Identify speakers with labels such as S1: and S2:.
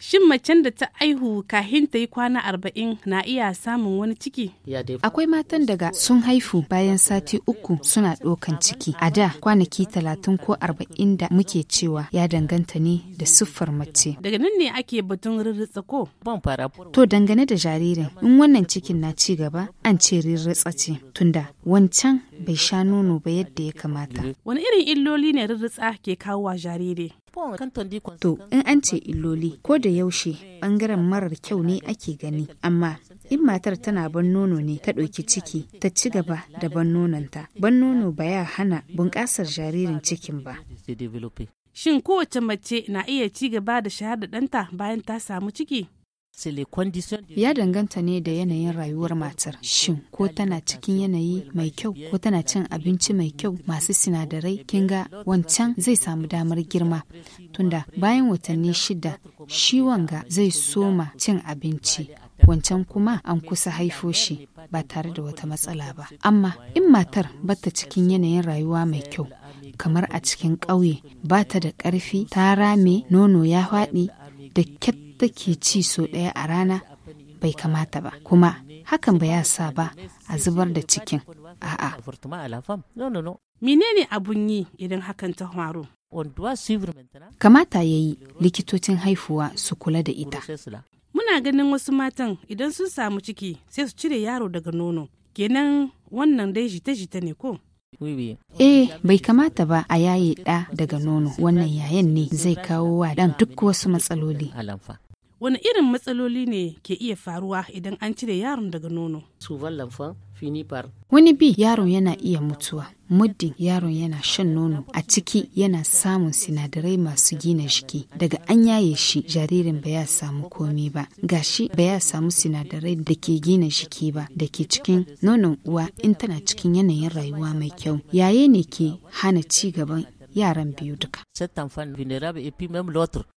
S1: Shin macen da ta aihu kahin ta yi kwana arba'in na iya samun wani ciki?
S2: Akwai matan daga sun haifu bayan sati uku suna ɗaukan ciki. A da kwanaki talatin ko arba'in da muke cewa ya danganta ne da siffar mace.
S1: Daga nan ne ake batun rirritsa ko?
S2: To dangane da jaririn in wannan cikin na ci gaba an ce rirritsa ce tunda wancan bai sha nono ba yadda ya kamata.
S1: Wani irin illoli ne rirritsa ke kawo wa jariri?
S2: To, in an ce illoli, ko da yaushe bangaren marar kyau ne ake gani, amma in matar tana ban nono ne ta ɗauki ciki ta ci gaba da ban nononta, ban nono ba ya hana bunƙasar jaririn cikin ba. Shin
S1: kowace mace na iya ci gaba da shahar da ɗanta
S2: bayan ta samu ciki? Ya danganta ne da yanayin rayuwar matar. Shin ko tana cikin yanayi mai kyau ko tana cin abinci mai kyau masu sinadarai kin ga wancan zai samu damar girma tunda bayan watanni shida shi wanga zai soma cin abinci wancan kuma an kusa haifo shi ba tare da wata matsala ba. Amma in matar bata cikin yanayin rayuwa mai kyau kamar a cikin ƙauye bata da ƙarfi ta rame nono ya faɗi da take ci so ɗaya a rana bai kamata ba kuma hakan ba ya sa ba a zubar da cikin a'a.
S1: Menene abun yi idan hakan ta faru?
S2: Kamata ya yi likitocin haifuwa su kula da ita.
S1: Muna ganin wasu matan idan sun samu ciki sai su cire yaro daga nono. Kenan wannan dai jita-jita ne ko?
S2: Eh, bai kamata ba a yaye ɗa daga nono wannan yayan ne zai kawo wa dan duk wasu matsaloli.
S1: wani irin matsaloli ne ke iya faruwa idan an cire yaron daga nono
S2: wani bi yaron yana iya mutuwa muddin yaron yana shan nono a ciki yana samun sinadarai masu gina jiki daga an yaye shi jaririn ba ya samu komi ba gashi ba ya samu sinadarai da ke gina jiki ba da ke cikin nonon uwa in tana cikin yanayin rayuwa mai kyau yaye ne ke hana ci gaban yaran biyu duka